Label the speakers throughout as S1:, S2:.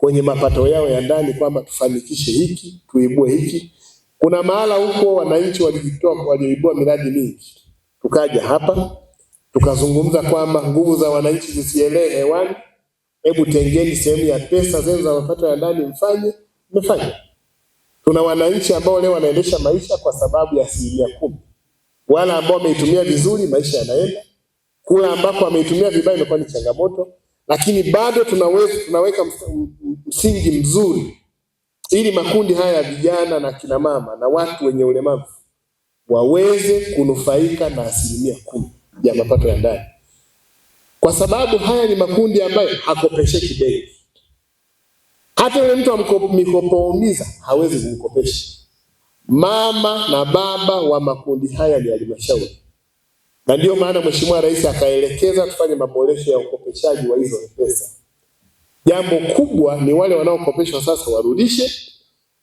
S1: kwenye mapato yao ya ndani kwamba tufanikishe hiki, tuibue hiki. Kuna mahala huko wananchi walijitoa, walioibua miradi mingi, tukaja hapa tukazungumza kwamba nguvu za wananchi zisielee hewani. Hebu tengeni sehemu ya pesa zenu za mapato ya ndani mfanye, mmefanya. Tuna wananchi ambao leo wanaendesha maisha kwa sababu ya asilimia kumi. wala ambao wameitumia vizuri, maisha yanaenda. Kula ambako wameitumia vibaya, imekuwa ni changamoto lakini bado tunaweza tunaweka msingi mzuri ili makundi haya ya vijana na kina mama na watu wenye ulemavu waweze kunufaika na asilimia kumi ya mapato ya ndani, kwa sababu haya ni makundi ambayo hakopesheki benki. Hata yule mtu amikopoumiza hawezi kumkopesha. Mama na baba wa makundi haya ni halmashauri na ndiyo maana Mheshimiwa Rais akaelekeza tufanye maboresho ya ukopeshaji wa hizo pesa. Jambo kubwa ni wale wanaokopeshwa sasa warudishe,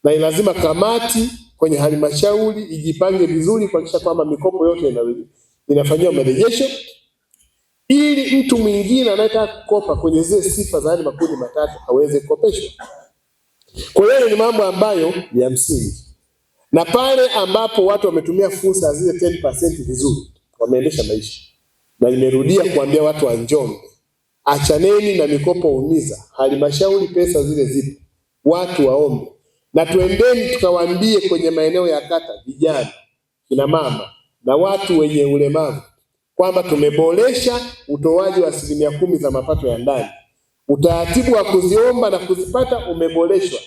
S1: na lazima kamati kwenye halmashauri ijipange vizuri kuhakikisha kwamba mikopo yote inafanyiwa marejesho, ili mtu mwingine anayetaka kukopa kwenye zile sifa za hali makundi matatu aweze kukopeshwa. Kwa hiyo ni mambo ambayo ya msingi, na pale ambapo watu wametumia fursa zile 10% vizuri wameendesha maisha, na nimerudia kuambia watu wa Njombe, achaneni na mikopo umiza. Halmashauri pesa zile zipo, watu waombe, na tuendeni tukawaambie kwenye maeneo ya kata, vijana, kina mama na watu wenye ulemavu kwamba tumeboresha utoaji wa asilimia kumi za mapato ya ndani. Utaratibu wa kuziomba na kuzipata umeboreshwa.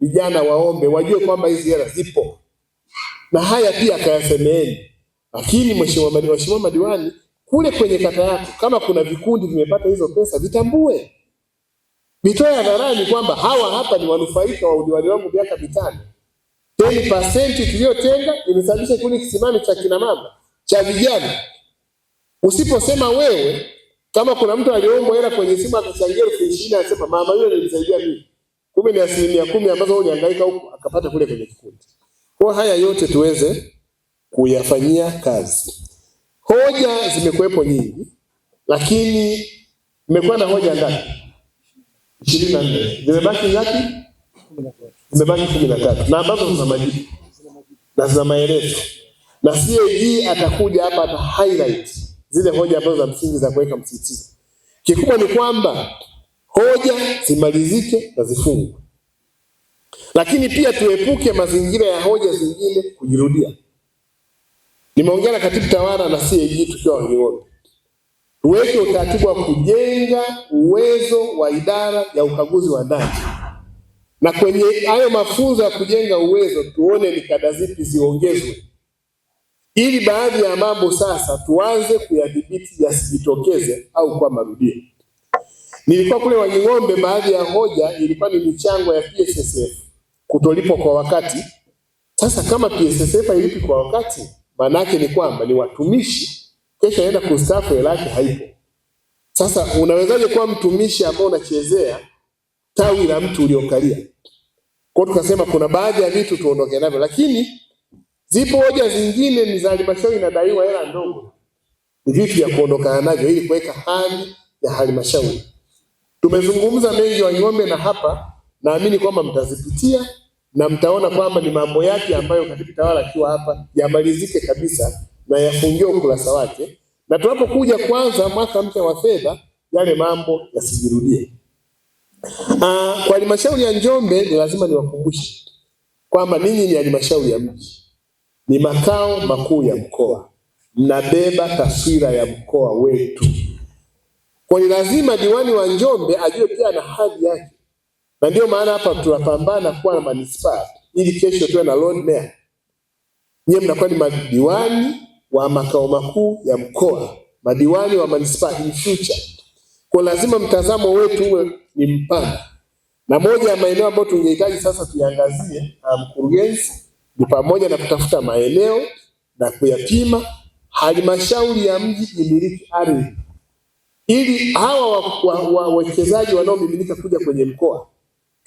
S1: Vijana waombe, wajue kwamba hizi hela zipo, na haya pia kayasemeeni. Lakini mheshimiwa madiwani, mheshimiwa madiwani kule kwenye kata yako, kama kuna vikundi vimepata hizo pesa, vitambue, vitoe hadharani kwamba hawa hapa ni wanufaika wa udiwani wangu miaka mitano. Teni pasenti tuliyotenga imesababisha kuni kisimami cha kina mama cha vijana. Usiposema wewe, kama kuna mtu aliombwa hela kwenye simu akachangia elfu ishirini anasema mama yule nilisaidia mimi, kumbe ni asilimia kumi ambazo ulihangaika huku akapata kule kwenye kikundi. Kwa haya yote tuweze kuyafanyia kazi. Hoja zimekuwepo nyingi, lakini mmekuwa na hoja ngapi? ishirini na nne. Zimebaki ngapi? Zimebaki kumi na tatu, na ambazo zina majibu na zina maelezo, na CAG atakuja hapa ata highlight zile hoja ambazo za msingi za kuweka msisitizo. Kikubwa ni kwamba hoja zimalizike na zifungwe, lakini pia tuepuke mazingira ya hoja zingine kujirudia. Nimeongea na katibu tawala na CAG tukiwa Wanging'ombe, tuweke utaratibu wa kujenga uwezo wa idara ya ukaguzi wa ndani, na kwenye hayo mafunzo ya kujenga uwezo tuone ni kada zipi ziongezwe, ili baadhi ya mambo sasa tuanze kuyadhibiti yasijitokeze au kwa marudio. Nilikuwa kule Wanging'ombe, baadhi ya hoja ilikuwa ni michango ya PSSF kutolipwa kwa wakati. Sasa kama PSSF ilipi kwa wakati yake ni kwamba ni watumishi, kesho anaenda kustaafu, hela yake haipo. Sasa unawezaje kuwa mtumishi ambao unachezea tawi la mtu uliokalia? Kwa tukasema kuna baadhi ya vitu tuondoke navyo, lakini zipo hoja zingine ni za halmashauri inadaiwa hela ndogo, ni vitu vya kuondokana navyo ili kuweka hali ya halmashauri. Tumezungumza mengi Wang'ombe, na hapa naamini kwamba mtazipitia na mtaona kwamba ni mambo yake ambayo katibu tawala akiwa hapa yamalizike kabisa na yafungiwe ukurasa wake, na tunapokuja kwanza mwaka mpya wa fedha yale mambo yasijirudie. Ah, kwa halmashauri ya Njombe ni lazima niwakumbushe kwamba ninyi ni halmashauri ya mji, ni makao makuu ya mkoa, mnabeba taswira ya mkoa wetu. Kwa ni lazima diwani wa Njombe ajue pia na hadhi yake na ndio maana hapa tunapambana kuwa na manispaa ili kesho tuwe na lord mayor. Nyie mnakuwa ni madiwani wa makao makuu ya mkoa, madiwani wa manispaa in future. Kwa lazima mtazamo wetu uwe ni mpana, na moja ya maeneo ambayo tungehitaji sasa tuiangazie na mkurugenzi ni pamoja na kutafuta maeneo na kuyapima. Halmashauri ya mji imiliki ardhi ili hawa wawekezaji wa, wa, wanaomiminika kuja kwenye mkoa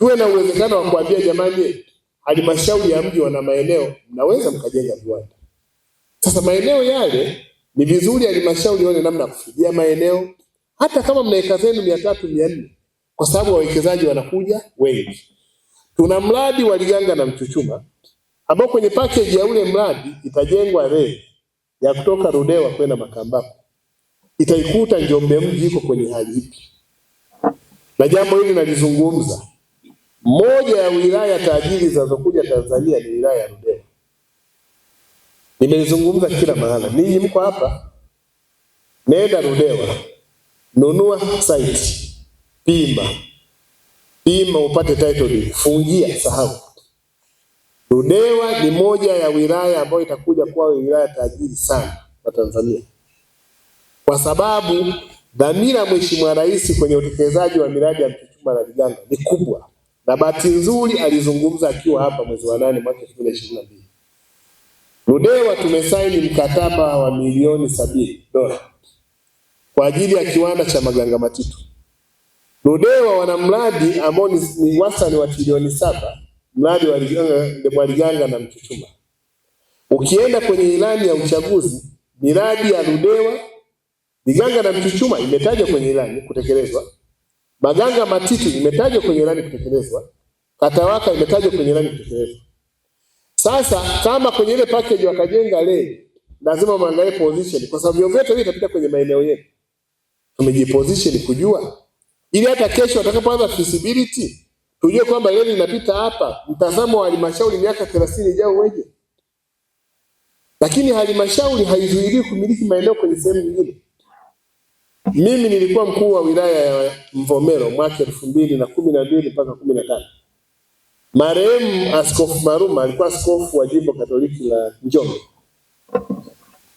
S1: tuwe na uwezekano wa kuambia jamani, halmashauri ya mji wana maeneo, mnaweza mkajenga viwanda. Sasa maeneo yale ni vizuri halmashauri ione namna ya kufidia maeneo, hata kama mna eka zenu mia tatu mia nne kwa sababu wawekezaji wanakuja wengi. Tuna mradi wa Liganga na Mchuchuma ambao kwenye package ya ule mradi itajengwa reli ya kutoka Rudewa kwenda Makambako, itaikuta Njombe mji iko kwenye hali ipi, na jambo hili nalizungumza moja ya wilaya tajiri zinazokuja Tanzania ni wilaya ya Ludewa. Nimeizungumza kila mahala, ninyi mko hapa, nenda Ludewa, nunua site, pima pima, upate title deed, fungia, sahau. Ludewa ni moja ya wilaya ambayo itakuja kuwa wilaya tajiri sana kwa Tanzania, kwa sababu dhamira Mheshimiwa Rais kwenye utekelezaji wa miradi ya Mchuchuma na Liganga ni kubwa na bahati nzuri alizungumza akiwa hapa mwezi wa nane mwaka 2022. Ludewa tumesaini mkataba wa milioni sabini dola kwa ajili ya kiwanda cha Maganga Matitu. Ludewa wana mradi ambao ni wastani wa trilioni saba, mradi wa Liganga na Mchuchuma. Ukienda kwenye ilani ya uchaguzi, miradi ya Ludewa, Liganga na Mchuchuma imetajwa kwenye ilani kutekelezwa Baganga Matiti imetajwa kwenye ilani kutekelezwa, Katawaka imetajwa kwenye ilani kutekelezwa. Sasa kama kwenye ile package wakajenga leo, lazima mwangalie position, kwa sababu vyovyote hivi itapita kwenye maeneo yetu. Tumejiposition kujua ili hata kesho watakapoanza feasibility tujue kwamba leli inapita hapa, mtazamo wa halmashauri miaka 30 ijayo weje. Lakini halmashauri haizuiliwi kumiliki maeneo kwenye sehemu nyingine. Mimi nilikuwa mkuu wa wilaya ya Mvomero mwaka elfu mbili na kumi na mbili mpaka kumi na tano. Marehemu Askofu Maruma alikuwa askofu wa jimbo Katoliki la Njombe,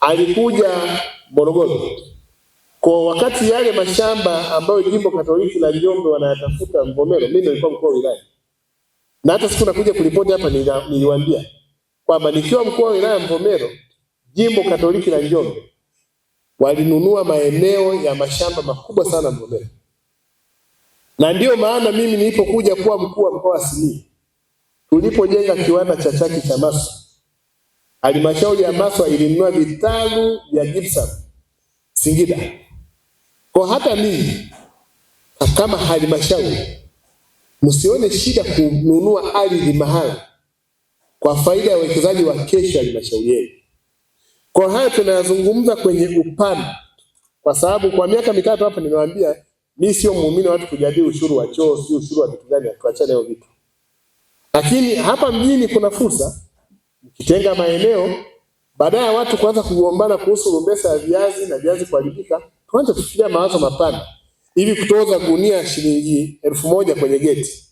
S1: alikuja Morogoro kwa wakati yale mashamba ambayo jimbo Katoliki la Njombe wanayatafuta Mvomero, mimi nilikuwa mkuu wa wilaya, na hata siku nakuja kulipoti hapa niliwaambia kwamba nikiwa mkuu wa wilaya Mvomero, jimbo Katoliki la Njombe walinunua maeneo ya mashamba makubwa sana Mgomera, na ndiyo maana mimi nilipokuja kuwa mkuu wa mkoa wa Simiyu, tulipojenga kiwanda cha chaki cha Maswa, halmashauri ya Maswa ilinunua vitalu vya gypsum Singida. Kwa hata mimi kama halmashauri, msione shida kununua ardhi mahali kwa faida ya uwekezaji wa kesho halmashauri yenu. Kwa haya tunayazungumza kwenye upana, kwa sababu kwa miaka mitatu hapa nimewaambia mi sio muumini watu kujadili ushuru wa choo, si ushuru wa vitu gani, tuachane hiyo vitu. Lakini hapa mjini kuna fursa, mkitenga maeneo baadaye watu kuanza kugombana kuhusu rumbesa ya viazi na viazi kuharibika, tuanze kufikiria mawazo mapana, ili kutoza gunia shilingi elfu moja kwenye geti,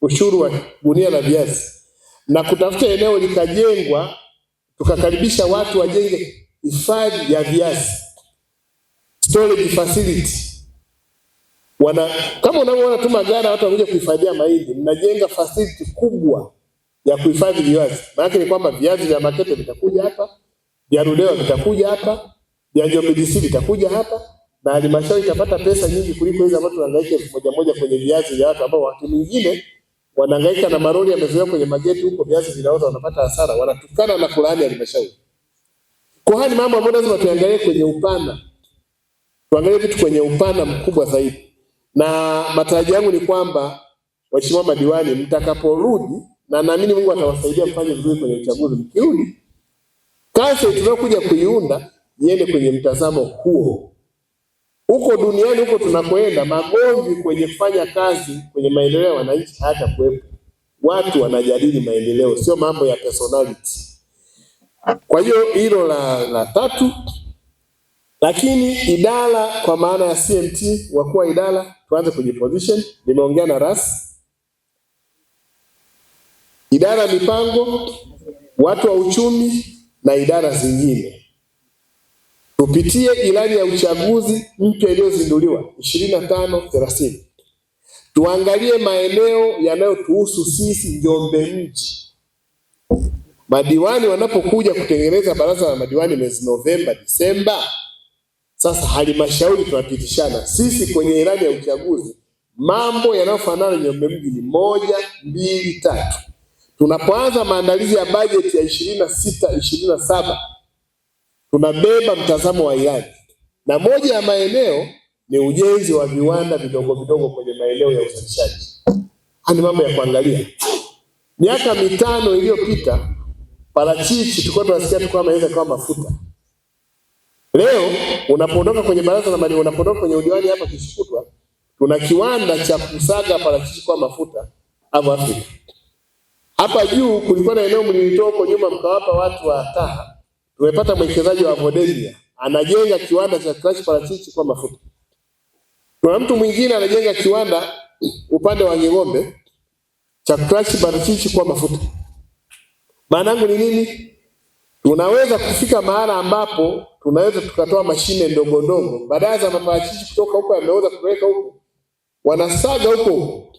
S1: ushuru wa gunia la viazi, na kutafuta eneo likajengwa tukakaribisha watu wajenge hifadhi ya viazi, storage facility. Wana kama unavyoona tu magara watu wanakuja kuhifadhia mahindi, mnajenga facility kubwa ya kuhifadhi viazi. Maana ni kwamba viazi vya Makete vitakuja hapa, vya Rudewa vitakuja hapa, vya Njombe DC vitakuja hapa na halmashauri itapata pesa nyingi kuliko hizo ambazo tunahangaika elfu moja moja kwenye viazi vya watu ambao wakati mwingine wanahangaika na maroli yamezoea kwenye mageti huko, viazi vinaoza, wanapata hasara, wanatukana na kurani halmashauri. Kwa ni mambo ambayo lazima tuangalie kwenye upana, tuangalie vitu kwenye upana mkubwa zaidi, na matarajio yangu ni kwamba waheshimiwa madiwani, mtakaporudi na naamini Mungu atawasaidia mfanye vizuri kwenye uchaguzi, mkiuni kasi tunayokuja kuiunda iende kwenye mtazamo huo huko duniani huko tunakoenda, magomvi kwenye kufanya kazi kwenye maendeleo ya wananchi hata kuwepo. Watu wanajadili maendeleo, sio mambo ya personality. Kwa hiyo hilo la, la tatu. Lakini idara kwa maana ya CMT, wakuu wa idara tuanze position. Nimeongea na ras idara mipango, watu wa uchumi na idara zingine tupitie ilani ya uchaguzi mpya iliyozinduliwa 2530. tuangalie maeneo yanayotuhusu sisi Njombe mji. Madiwani wanapokuja kutengeneza baraza la madiwani mwezi Novemba, Disemba, sasa halmashauri tunapitishana sisi kwenye ilani ya uchaguzi mambo yanayofanana Njombe mji ni moja, mbili, tatu. Tunapoanza maandalizi ya bajeti ya ishirini na sita saba tunabeba mtazamo wa Iran na moja ya maeneo ni ujenzi wa viwanda vidogo vidogo kwenye maeneo ya uzalishaji. Ni mambo ya kuangalia. Miaka mitano iliyopita parachichi tulikuwa tunasikia tu kama inaweza kuwa mafuta. Leo unapoondoka kwenye baraza la mali, unapoondoka kwenye udiwani hapa kishukutwa, tuna kiwanda cha kusaga parachichi kwa mafuta hapo Afrika. Hapa juu kulikuwa na eneo mlilitoa huko nyuma mkawapa watu wa Taha tumepata mwekezaji wa Vodenia anajenga kiwanda cha crash parachichi kwa mafuta. Kuna mtu mwingine anajenga kiwanda upande wa Ng'ombe cha crash parachichi kwa mafuta. Maana yangu ni nini? Tunaweza kufika mahala ambapo tunaweza tukatoa mashine ndogo ndogo, badala za maparachichi kutoka huko yameweza kuweka huko, wanasaga huko